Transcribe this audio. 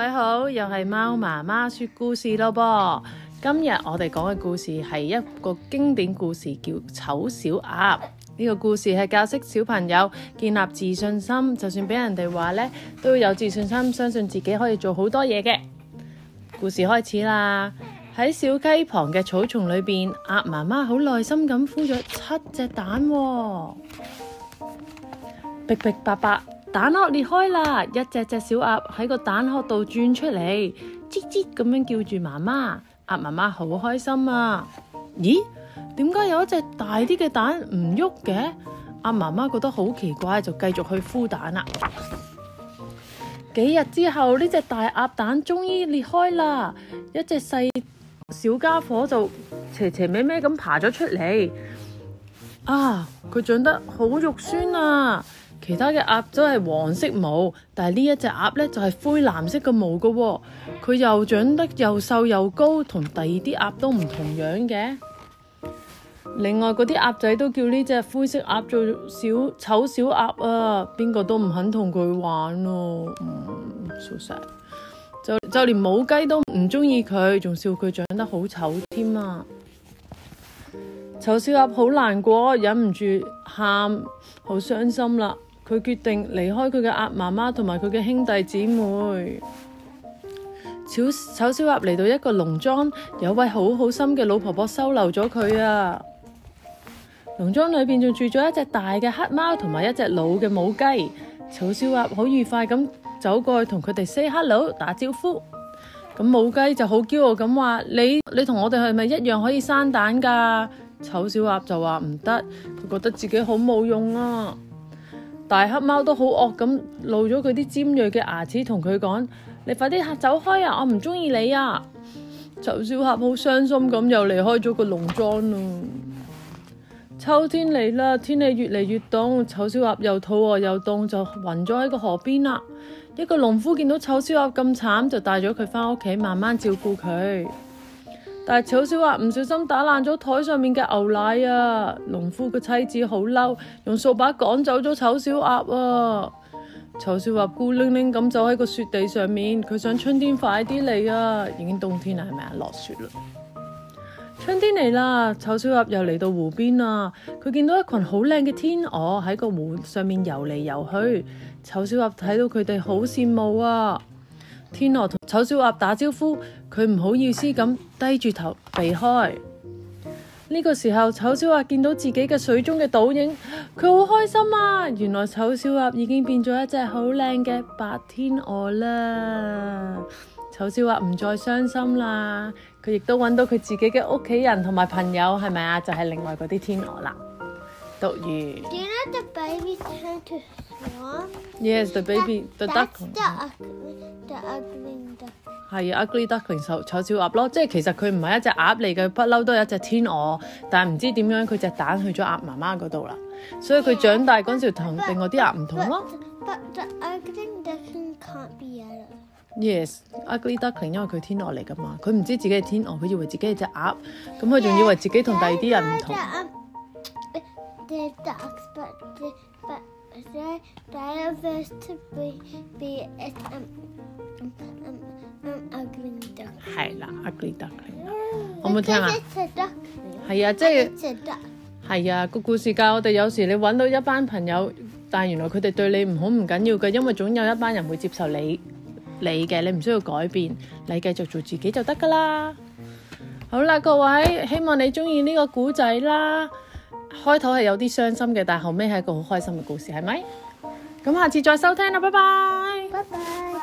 喂，各位好，又係貓媽媽說故事咯，噃，今日我哋講嘅故事係一個經典故事，叫醜鴨《醜小鴨》。呢個故事係教識小朋友建立自信心，就算俾人哋話呢，都要有自信心，相信自己可以做好多嘢嘅。故事開始啦！喺小雞旁嘅草叢裏邊，鴨媽媽好耐心咁孵咗七隻蛋，密密白白。蛋殼裂開啦，一隻隻小鴨喺個蛋殼度轉出嚟，吱吱咁樣叫住媽媽。鴨媽媽好開心啊！咦，點解有一隻大啲嘅蛋唔喐嘅？鴨媽媽覺得好奇怪，就繼續去孵蛋啦。幾日之後，呢隻大鴨蛋終於裂開啦，一隻細小，小家伙就斜斜歪歪咁爬咗出嚟。啊，佢長得好肉酸啊！其他嘅鴨都係黃色毛，但係呢一隻鴨呢就係灰藍色嘅毛噶，佢又長得又瘦又高，同第二啲鴨都唔同樣嘅。另外嗰啲鴨仔都叫呢隻灰色鴨做小醜小鴨啊，邊個都唔肯同佢玩咯、啊。嗯，說實就就連母雞都唔中意佢，仲笑佢長得好醜添啊！醜小鴨好難過，忍唔住喊，好傷心啦～佢決定離開佢嘅鴨媽媽同埋佢嘅兄弟姊妹。醜醜小鴨嚟到一個農莊，有位好好心嘅老婆婆收留咗佢啊。農莊裏邊仲住咗一隻大嘅黑貓同埋一隻老嘅母雞。醜小鴨好愉快咁走過去同佢哋 say hello 打招呼。咁母雞就好驕傲咁話：你你同我哋係咪一樣可以生蛋㗎？醜小鴨就話唔得，佢覺得自己好冇用啊。大黑貓都好惡咁露咗佢啲尖銳嘅牙齒，同佢講：你快啲吓走開啊！我唔中意你啊！醜小鴨好傷心咁，又離開咗個農莊咯。秋天嚟啦，天氣越嚟越凍，醜小鴨又肚餓又凍，就暈咗喺個河邊啦。一個農夫見到醜小鴨咁慘，就帶咗佢返屋企，慢慢照顧佢。但係醜小鴨唔小心打爛咗台上面嘅牛奶啊！農夫嘅妻子好嬲，用掃把趕走咗醜小鴨啊。醜小鴨孤零零咁走喺個雪地上面，佢想春天快啲嚟啊！已經冬天啦，係咪啊？落雪啦！春天嚟啦，醜小鴨又嚟到湖邊啊。佢見到一群好靚嘅天鵝喺個湖上面游嚟游去，醜小鴨睇到佢哋好羨慕啊！天鵝同醜小鴨打招呼，佢唔好意思咁低住頭避開。呢個時候，醜小鴨見到自己嘅水中嘅倒影，佢好開心啊！原來醜小鴨已經變咗一隻好靚嘅白天鵝啦。醜小鴨唔再傷心啦，佢亦都揾到佢自己嘅屋企人同埋朋友，係咪啊？就係另外嗰啲天鵝啦。讀完。Yes，the baby the duckling，the ugly the ugly duckling，係，ugly duckling 就醜小鴨咯，即係其實佢唔係一隻鴨嚟嘅，不嬲都係一隻天鵝，但係唔知點樣佢隻蛋去咗鴨媽媽嗰度啦，所以佢長大嗰陣時同另外啲鴨唔同咯。The ugly duckling can't be a duck。Yes，ugly duckling 因為佢天鵝嚟噶嘛，佢唔知自己係天鵝，佢以為自己係隻鴨，咁佢仲以為自己同第二啲人唔同。係啦，ugly duckling，我冇聽啊。係啊，即係。係啊，個故事教我哋，有時你搵到一班朋友，但係原來佢哋對你唔好唔緊要嘅，因為總有一班人會接受你你嘅，你唔需要改變，你繼續做自己就得噶啦。好啦，各位，希望你中意呢個古仔啦。開頭係有啲傷心嘅，但後尾係一個好開心嘅故事，係咪？咁下次再收聽啦，拜拜。拜拜。